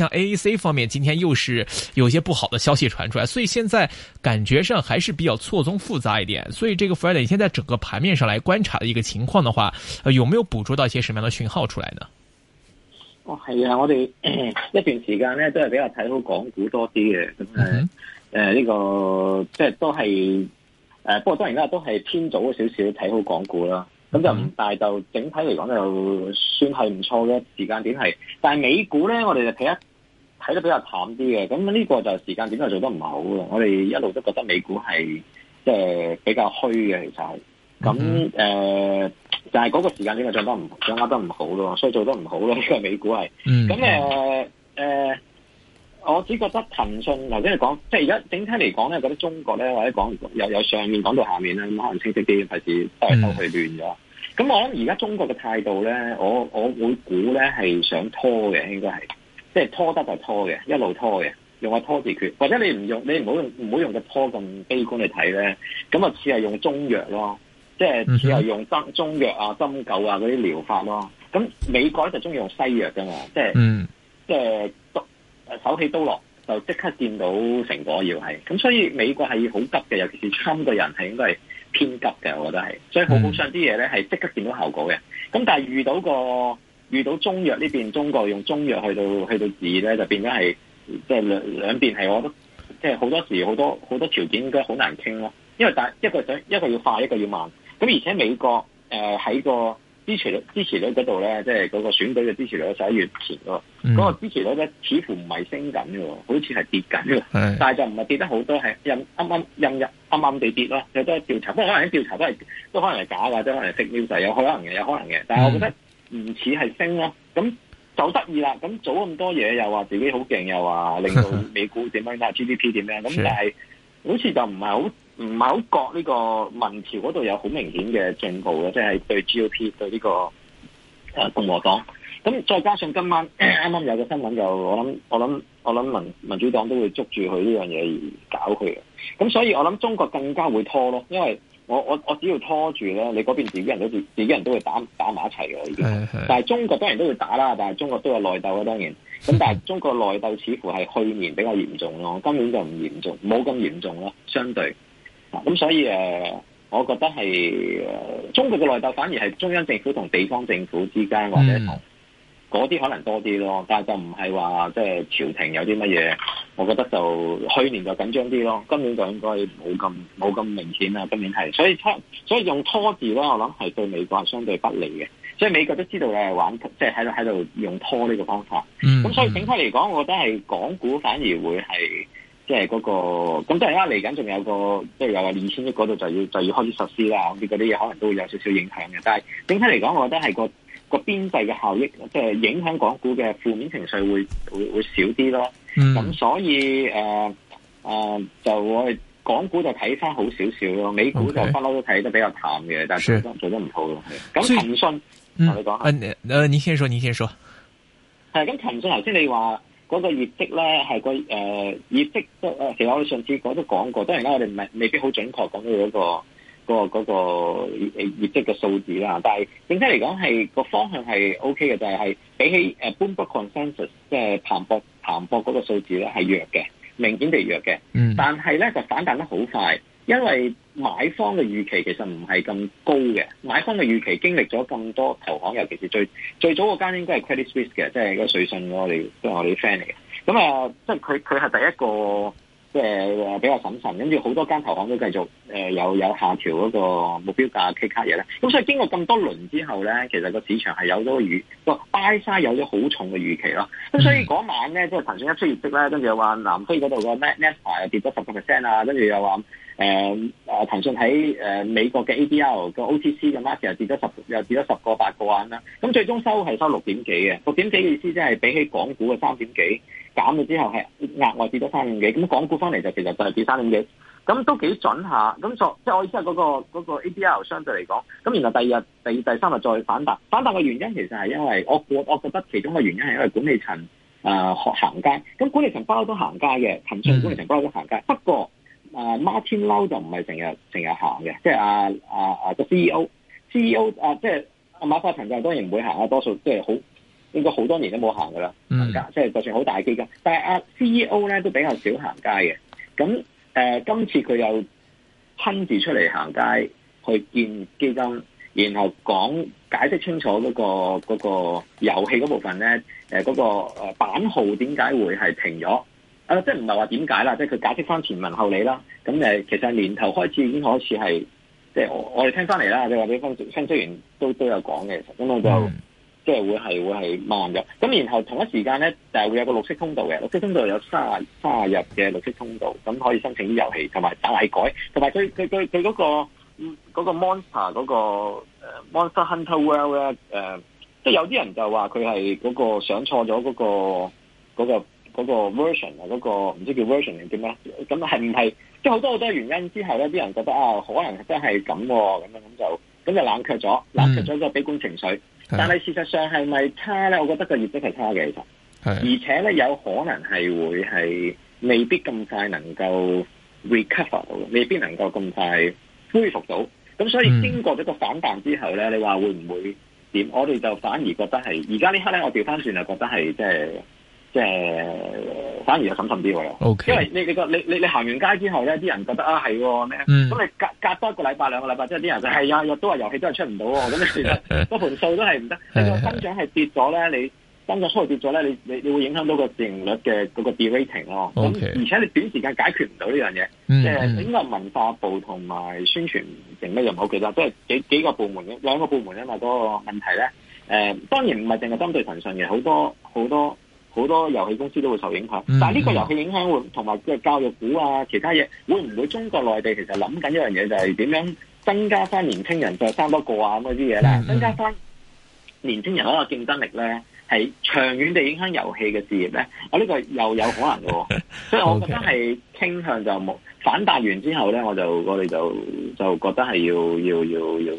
像、AS、A A C 方面，今天又是有些不好的消息傳出來，所以現在感覺上還是比較錯綜複雜一點。所以這個 Friday 現在整個盤面上來觀察的一個情況的話，啊，有沒有捕捉到一些什麼樣的訊號出來呢？哦，係啊，我哋一段時間呢都係比較睇好港股多啲嘅，咁誒呢個即係都係誒、呃，不過當然啦都係偏早少少睇好港股啦。咁就唔大，就整體嚟講就算係唔錯嘅時間點係。但係美股呢，我哋就睇一。睇得比較淡啲嘅，咁呢個就時間點解做得唔好嘅。我哋一路都覺得美股係即係比較虛嘅，其實係咁誒，就係嗰個時間點解掌握唔掌握得唔好咯，所以做得唔好咯。呢個美股係，咁誒誒，我只覺得騰訊頭先你講，即係而家整體嚟講咧，覺得中國咧或者講由由上面講到下面咧，咁可能清晰啲，費事都係收佢亂咗。咁、mm hmm. 我諗而家中國嘅態度咧，我我會估咧係想拖嘅，應該係。即係拖得就拖嘅，一路拖嘅，用個拖字訣，或者你唔用，你唔好用，唔好用個拖咁悲觀去睇咧，咁啊似係用中藥咯，即係似係用針中藥啊針灸啊嗰啲療法咯，咁美國就中意用西藥噶嘛，即係、mm. 即係手起刀落就即刻見到成果要係，咁所以美國係好急嘅，尤其是侵嘅人係應該係偏急嘅，我覺得係，所以好好想啲嘢咧係即刻見到效果嘅，咁但係遇到個。遇到中藥呢邊中國用中藥去到去到治咧，就變咗係即係兩兩邊係，我覺得即係好多時好多好多條件應該好難傾咯。因為大一個想，一個要快，一個要慢。咁而且美國誒喺、呃、個支持率支持率嗰度咧，即係嗰個選舉嘅支持率喺一月前咯。嗰、嗯、個支持率咧似乎唔係升緊嘅，好似係跌緊喎，的但係就唔係跌得好多，係陰啱啱陰入啱啱地跌咯。有啲調查，不過可能調查都係都可能係假嘅，即係可能 fake news 有可能嘅，有可能嘅。但係我覺得。唔似係升咯，咁就得意啦，咁做咁多嘢，又話自己好勁，又話令到美股點樣啊，G D P 點樣，咁但係好似就唔係好唔係好覺呢個民調嗰度有好明顯嘅進步嘅，即係對 G D P 對呢個誒共和黨，咁再加上今晚啱啱有個新聞，就我諗我諗我諗民民主黨都會捉住佢呢樣嘢而搞佢嘅，咁所以我諗中國更加會拖咯，因為。我我我只要拖住咧，你嗰邊自己人都自己，自己人都會打打埋一齊嘅啦已經。但係中國當然都會打啦，但係中國都有內鬥啦，當然。咁但係中國內鬥似乎係去年比較嚴重咯，今年就唔嚴重，冇咁嚴重啦。相對，咁所以誒，我覺得係中國嘅內鬥反而係中央政府同地方政府之間或者同。嗯嗰啲可能多啲咯，但係就唔係話即係朝廷有啲乜嘢，我覺得就去年就緊張啲咯，今年就應該冇咁冇咁明顯啦。今年係，所以拖所以用拖字咧，我諗係對美國係相對不利嘅。所以美國都知道你係玩，即係喺度喺度用拖呢個方法。咁、嗯、所以整體嚟講，我覺得係港股反而會係即係嗰個，咁即係而家嚟緊仲有個，即係又話二千億嗰度就要就要開始實施啦。啲嗰啲嘢可能都會有少少影響嘅，但係整體嚟講，我覺得係個。個邊際嘅效益，即係影響港股嘅負面情緒會會會少啲咯。咁、嗯、所以誒誒、呃呃，就我哋港股就睇翻好少少咯，美股就不嬲都睇得比較淡嘅，Okay. 但係做都做唔好咯。咁騰訊，同你講下。誒、呃，你先說，你先說。係，咁騰訊頭先你話嗰個業績咧，係個誒、呃、業績、呃，其實我哋上次我都講過。當然啦，我哋唔係未必好準確講到嗰個。嗰個嗰個業績嘅數字啦，但係整體嚟講係個方向係 O K 嘅，但係係比起誒 Bloomberg consensus 即係彭博彭博嗰個數字咧係弱嘅，明顯地弱嘅。但係咧就反彈得好快，因為買方嘅預期其實唔係咁高嘅，買方嘅預期經歷咗咁多投行，尤其是最最早嗰間應該係 Credit Suisse 嘅，即係一個瑞信我哋即係我哋啲 friend 嚟嘅。咁啊，即係佢佢係第一個。即係比較審慎、so，跟住好多間投行都繼續誒有有下調嗰個目標價 key carry 咧，咁所以經過咁多輪之後呢，其實個市場係有咗預個 buy side 有咗好重嘅預期囉。咁所以嗰晚呢，即係騰訊一出業績呢，跟住又話南區嗰度個 net net 價又跌咗十個 percent 啊，跟住又話。誒誒、呃，騰訊喺誒美國嘅 ADR 個 OTC 嘅 market 跌咗十，又跌咗十個八個萬啦。咁最終收係收六點幾嘅，六點幾嘅意思即係比起港股嘅三點幾減咗之後係額外跌咗三點幾。咁港股翻嚟就其實就係跌三點幾，咁都幾準下。咁所即係我意思係嗰、嗰個、嗰個嗰個、ADR 相對嚟講。咁然後第二日、第二第三日再反彈，反彈嘅原因其實係因為我我覺得其中嘅原因係因為管理層誒、呃、行街。咁管理層包都行街嘅，騰訊管理層包都行街，不過。啊，Martin Lau 就唔係成日成日行嘅，即係啊啊啊個 CEO，CEO 啊即係、嗯啊就是、馬化騰就當然唔會行啦，多數即係好應該好多年都冇行噶啦，嗯、即係就算好大基金，但係、啊、CEO 咧都比較少行街嘅。咁誒、呃，今次佢又親自出嚟行街去見基金，然後講解釋清楚嗰、那個嗰、那個遊戲嗰部分咧，嗰、那個版號點解會係停咗？啊！即係唔係話點解啦？即係佢解釋翻前文後理啦。咁誒，其實年頭開始已經開始係，即係我我哋聽翻嚟啦。即你話，俾分析員都都有講嘅，咁我就即係、嗯、會係會係慢嘅。咁然後同一時間咧，就係、是、會有個綠色通道嘅。綠色通道有卅卅日嘅綠色通道，咁可以申請啲遊戲同埋大改，同埋佢佢佢佢嗰個嗰、那個 Monster 嗰個誒 Monster Hunter World 咧、呃、誒，即係有啲人就話佢係嗰個上錯咗嗰個個。嗰個 version 啊、那個，嗰個唔知叫 version 定點咧？咁係唔係即係好多好多原因之後咧，啲人覺得啊，可能真係咁咁樣咁、啊、就咁就冷卻咗，嗯、冷卻咗個悲觀情緒。是的 但係事實上係咪差咧？我覺得個業績係差嘅，其實，而且咧有可能係會係未必咁快能夠 recover 未必能夠咁快恢復到。咁所以經過咗個反彈之後咧，你話會唔會點？我哋就反而覺得係而家呢刻咧，我調翻轉就覺得係即係。就是即係、呃、反而又審慎啲喎，Okay. 因為你你個你，你行完街之後呢，啲人覺得啊係咩？咁你、嗯、隔、隔多一個禮拜兩個禮拜之後，即係啲人就係呀，又都話遊戲都係出唔到，喎。 咁你其實，嗰盤數都係唔得。你個 增長係跌咗呢，你增長開始跌咗呢，你你、你會影響到個市盈率嘅嗰個 de-rating 咯、啊。咁 Okay. 而且你短時間解決唔到呢樣嘢，即係、嗯呃、整個文化部同埋宣傳整得又唔好，其實都係幾、幾個部門，嘅兩個部門咧。嘛，嗰個問題呢，誒、呃、當然唔係淨係針對騰訊嘅，好多好多。好多遊戲公司都會受影響，嗯、但係呢個遊戲影響會同埋嘅教育股啊，其他嘢會唔會中國內地其實諗緊一樣嘢，就係、係、點樣增加翻年青人再生多個啊咁嗰啲嘢咧，呢嗯、增加翻年青人嗰個競爭力咧，係長遠地影響遊戲嘅事業咧，我、啊、呢、呢個又有可能嘅， 所以我覺得係傾向就冇反彈完之後咧，我就我哋就就覺得係要要要要。要要要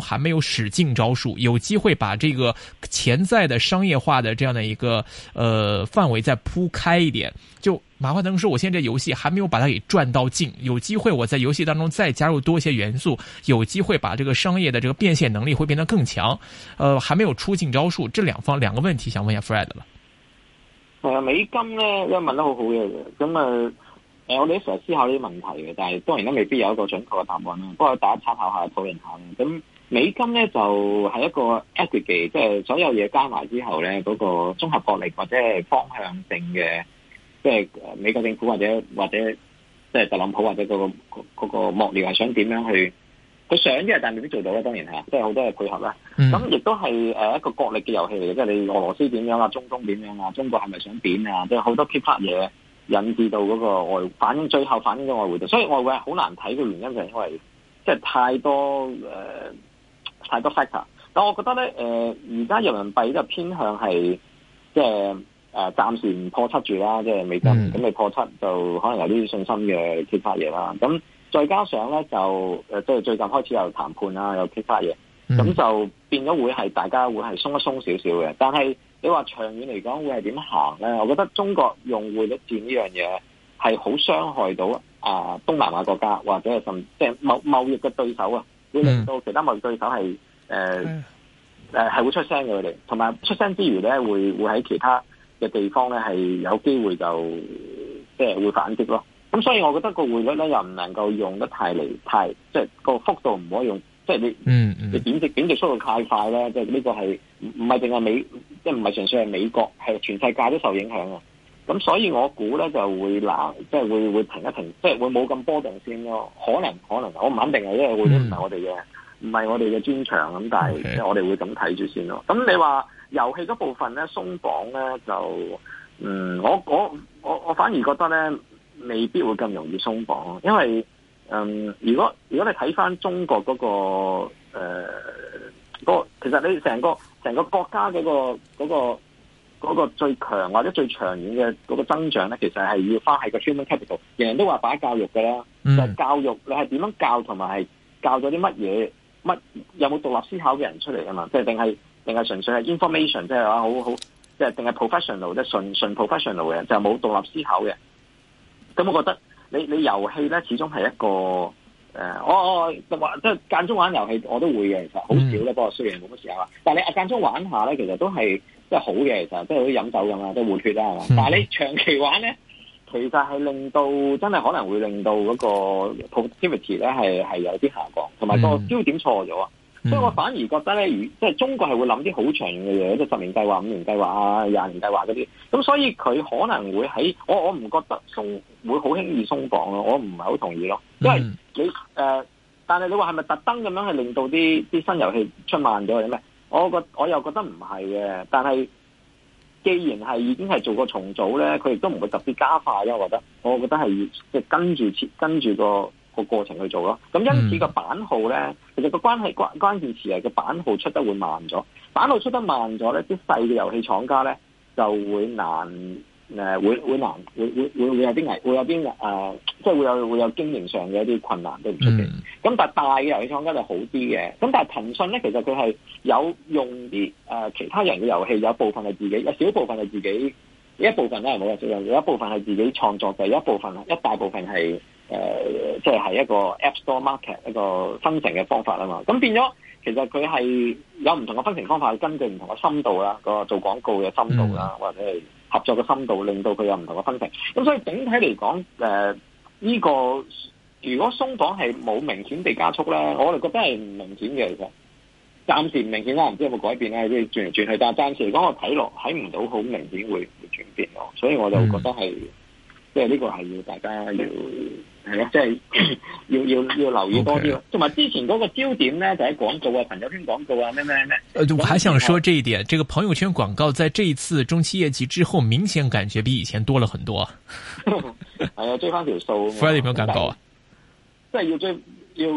還沒有使盡招數，有機會把這個潛在的商業化的這樣的一個呃範圍再鋪開一點。就馬化騰說，我現在這遊戲還沒有把它給賺到盡，有機會我在遊戲當中再加入多一些元素，有機會把這個商業的這個變現能力會變得更強。呃，還沒有出盡招數，這兩方兩個問題想問一下 Fred 吧。誒，美金呢，因為問得好好嘅，咁啊，誒、呃，我哋都成日思考呢啲問題嘅，但係當然都未必有一個準確嘅答案。不過大家參考下，討論下咁。美金呢就係、是、一個 aggregate，即係所有嘢加埋之後呢，嗰、那個綜合國力或者方向性嘅，即、就、係、是、美國政府或者或者即係特朗普或者嗰、那個嗰、那個幕僚係想點樣去？佢想啲嘢，但係未必做到咧。當然係，即係好多嘅配合啦。咁亦都係誒一個國力嘅遊戲嚟嘅，即、就、係、是、你俄羅斯點樣啊，中東點樣啊，中國係咪想點啊？即係好多 key part 嘢引致到嗰個外匯反映，最後反映咗外匯度。所以外匯係好難睇嘅原因就係、是、因為即係、就是、太多、呃太多 factor，但我覺得咧，誒而家人民幣就偏向係、就是呃，即係誒暫時唔破七住啦，即係美金，咁、嗯、你破七就可能有啲信心嘅其他嘢啦。咁再加上咧就即係、呃、最近開始有談判啦，有其他嘢，咁、嗯、就變咗會係大家會係鬆一鬆少少嘅。但係你話長遠嚟講會係點行咧？我覺得中國用匯率戰呢樣嘢係好傷害到啊、呃、東南亞國家或者係甚，即係貿貿易嘅對手啊！會令到其他貿易對手係誒誒係會出聲嘅佢哋，同埋出聲之餘咧會會喺其他嘅地方咧係有機會就即係會反擊咯。咁所以我覺得個匯率咧又唔能夠用得太離太，即係個幅度唔可以用，即係你嗯嗯你，貶值貶值速度太快咧，即係呢個係唔唔係淨係美，即係唔係純粹係美國，係全世界都受影響啊！咁所以我呢，我估咧就會嗱，即係會會停一停，即係會冇咁波動先咯。可能可能，我唔肯定係因為會唔係我哋嘅，唔係我哋嘅專長。咁但係，Okay. 我哋會咁睇住先咯。咁你話遊戲嗰部分咧鬆綁咧，就嗯，我我我我反而覺得咧未必會咁容易鬆綁，因為嗯，如果如果你睇翻中國嗰個誒嗰，其實你成個成個國家嗰個嗰個。那個嗰個最強或者最長遠嘅嗰個增長咧，其實係要花喺個 human capital。人人都話擺教育嘅啦，mm. 就係教育你係點樣教同埋係教咗啲乜嘢？乜有冇獨立思考嘅人出嚟啊嘛？即係定係定係純粹係 information，即係話好好，即係定係 professional 即係純純 professional 嘅，就冇、是就是、獨立思考嘅。咁我覺得你你遊戲咧，始終係一個誒、呃，我我話即係間中玩遊戲，我都會嘅，其實好少呢。不過雖然冇乜時間啦，但係你間中玩下咧，其實都係。即係好嘅，其實即係好似飲酒咁啊，都活血啦，係嘛？是的 但係你長期玩咧，其實係令到真係可能會令到嗰個 positivity 咧係係有啲下降，同埋個焦點錯咗啊！Mm hmm. 所以我反而覺得咧，如即係中國係會諗啲好長嘅嘢，即係十年計劃、五年計劃啊、廿年計劃嗰啲。咁所以佢可能會喺我我唔覺得送會好輕易鬆綁咯，我唔係好同意咯。因為你誒、呃，但係你話係咪特登咁樣去令到啲啲新遊戲出慢咗定咩？我覺我又覺得唔係嘅，但係既然係已經係做過重組咧，佢亦都唔會特別加快咯。我覺得，我覺得係要即係跟住切，跟住個個過程去做咯。咁因此個版號咧，嗯、其實個關係關關鍵詞係個版號出得會慢咗，版號出得慢咗咧，啲細嘅遊戲廠家咧就會難。誒會會難，會會會有啲危，會有啲誒，即、呃、係會有會有經營上嘅一啲困難都唔出奇。咁、嗯、但係大嘅遊戲廠家就好啲嘅。咁但係騰訊咧，其實佢係有用啲誒、呃、其他人嘅遊戲，有部分係自己，有少部分係自己，一部分咧冇人做，有有一部分係自己創作嘅，有一部分一大部分係誒，即係係一個 App Store market 一個分成嘅方法啊嘛。咁變咗其實佢係有唔同嘅分成方法，去根據唔同嘅深度啦，個做廣告嘅深度啦，嗯、或者係。合作嘅深度，令到佢有唔同嘅分成。咁所以整體嚟講，誒、呃、呢、這個如果鬆綁係冇明顯地加速咧，我哋覺得係唔明顯嘅。其實暫時唔明顯啦，唔知道有冇改變咧，即係轉嚟轉去。但係暫時嚟講，我睇落睇唔到好明顯會會轉變咯。所以我就覺得係。即係呢個係要大家要係咯，即係、就是，要要要留意多啲同埋之前嗰個焦點咧，就喺、是、廣，廣告啊、朋友圈廣告啊，咩咩咩。我還想說這一點，嗯、這個朋友圈廣告在這一次中期業績之後，明顯感覺比以前多了很多。我要、 哎、追翻條數，你有冇感覺啊？即係、啊就是、要追，要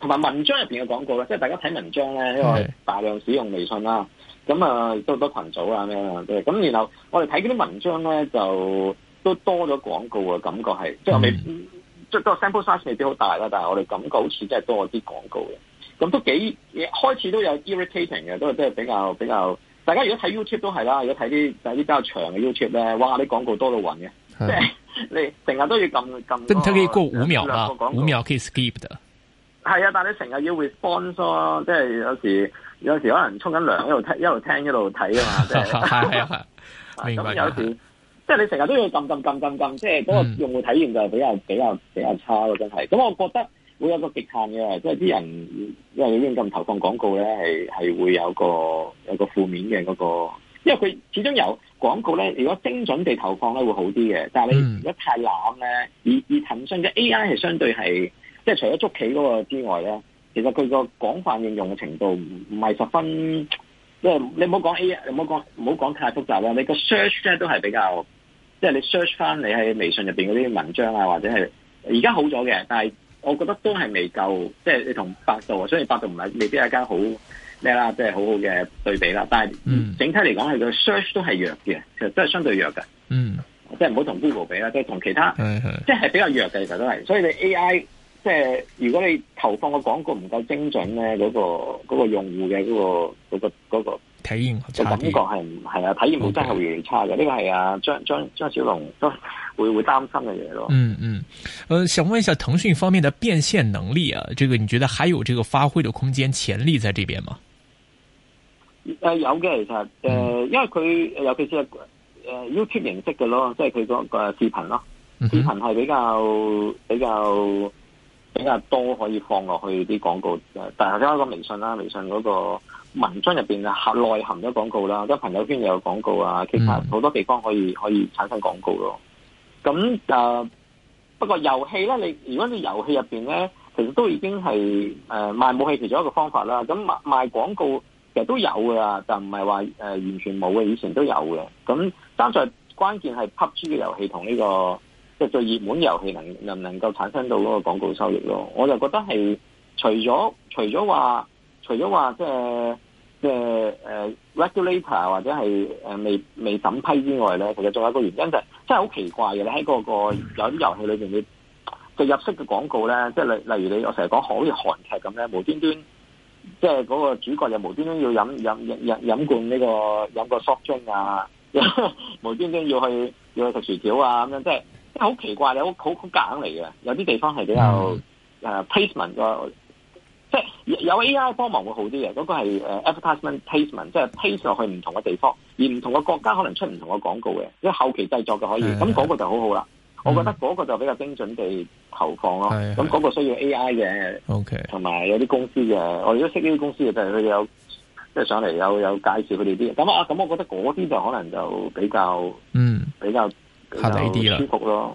同埋文章入邊嘅廣告咧，即係大家睇文章咧，Okay. 因為大量使用微信啦、啊，咁啊都多群組啊，咩啊，咁然後我哋睇嗰啲文章咧就。都多咗廣告嘅感覺係即係我未、嗯、即個 sample size 未必好大啦，但係我哋感覺好似真係多咗啲廣告嘅。咁都幾開始都有 irritating 嘅，都係即係比較比較。大家如果睇 YouTube 都係啦，如果睇啲睇啲比較長嘅 YouTube 咧，哇！啲廣告多到暈嘅，嗯、即係你成日都要撳撳。但係佢可以過五秒啊，五秒可以 skip 的。係啊，但你成日要 respond 咯、嗯，即係有時有時可能沖緊涼一路聽一路聽一路睇啊嘛，即係啊係啊，咁有時。即係你成日都要撳撳撳撳撳，即係嗰個用戶體驗就比較比較比較差咯，真係。咁我覺得會有個極限嘅，即係啲人因為你已經咁投放廣告呢，係係會有個有個負面嘅嗰個，因為佢始終有廣告呢，如果精準地投放呢，會好啲嘅。但係你如果太濫呢，以而騰訊嘅 AI 係相對係，即係除咗捉棋嗰個之外呢，其實佢個廣泛應用嘅程度唔唔係十分。即係你唔好講 AI，唔好講唔好講太複雜啦。你個 search 呢都係比較。即係你 search 翻你喺微信入邊嗰啲文章啊，或者係而家好咗嘅，但係我覺得都係未夠，即係你同百度啊，雖然百度唔係未必係間好咩啦，即係好好嘅對比啦。但係整體嚟講，係個 search 都係弱嘅，其實都係相對弱嘅。嗯，即係唔好同 Google 比啦，即係同其他，即係是是 比較弱嘅其實都係。所以你 AI 即係如果你投放個廣告唔夠精準咧，嗰個嗰個用戶嘅嗰個嗰個嗰個。嗰個嗰個體驗好差，呢個係唔係啊？體驗真係會越嚟越差嘅，呢 Okay. 個係啊張張張小龍都會會擔心嘅嘢咯。嗯嗯，誒、呃，想問一下騰訊方面的變現能力啊，這個你覺得還有這個發揮的空間潛力在這邊嗎？誒、呃、有嘅，誒、呃，其實因為佢尤其是誒、呃、YouTube 形式嘅咯，即係佢嗰個視頻咯，嗯、哼視頻係比較比較比較多可以放落去啲廣告，但係而家個微信啦、啊，微信嗰、那個。文章入邊啊，含內涵咗廣告啦，即朋友圈又有廣告啊，其實好多地方可以可以產生廣告咯。咁、嗯、誒，不過遊戲咧，你如果你遊戲入邊咧，其實都已經係誒、呃、賣武器其中一個方法啦。咁賣賣廣告其實都有噶，但唔係話誒完全冇嘅，以前都有嘅。咁剛在關鍵係吸資嘅遊戲同呢個即係最熱門遊戲能能唔能夠產生到嗰個廣告收益咯？我就覺得係除咗除咗話。除咗話即係即係誒 regulator 或者係誒未未審批之外咧，其實仲有一個原因就係、是、真係好奇怪嘅、那個那個。你喺嗰個有啲遊戲裏邊會，即係植入式嘅廣告咧，即係例例如你我成日講好似韓劇咁咧，無端端即係嗰個主角就無端端要飲飲飲飲，飲罐呢、這個飲個 soft drink 啊，無端端要去要去食薯條啊咁樣，即係即係好奇怪，你好好好夾硬嚟嘅。有啲地方係比較誒 placement 即係有 AI 幫忙會好啲嘅，嗰、嗰個係 advertisement placement 即係 place 落去唔同嘅地方，而唔同嘅國家可能出唔同嘅廣告嘅，即係後期製作嘅可以，咁嗰是的 個就好好啦。嗯、我覺得嗰個就比較精準地投放咯。咁嗰是的 個需要 AI 嘅，OK，同埋有啲公司嘅，我哋都識呢啲公司嘅，就係佢哋有即係上嚟有有介紹佢哋啲。咁啊，咁我覺得嗰啲就可能就比較嗯比較比較舒服咯。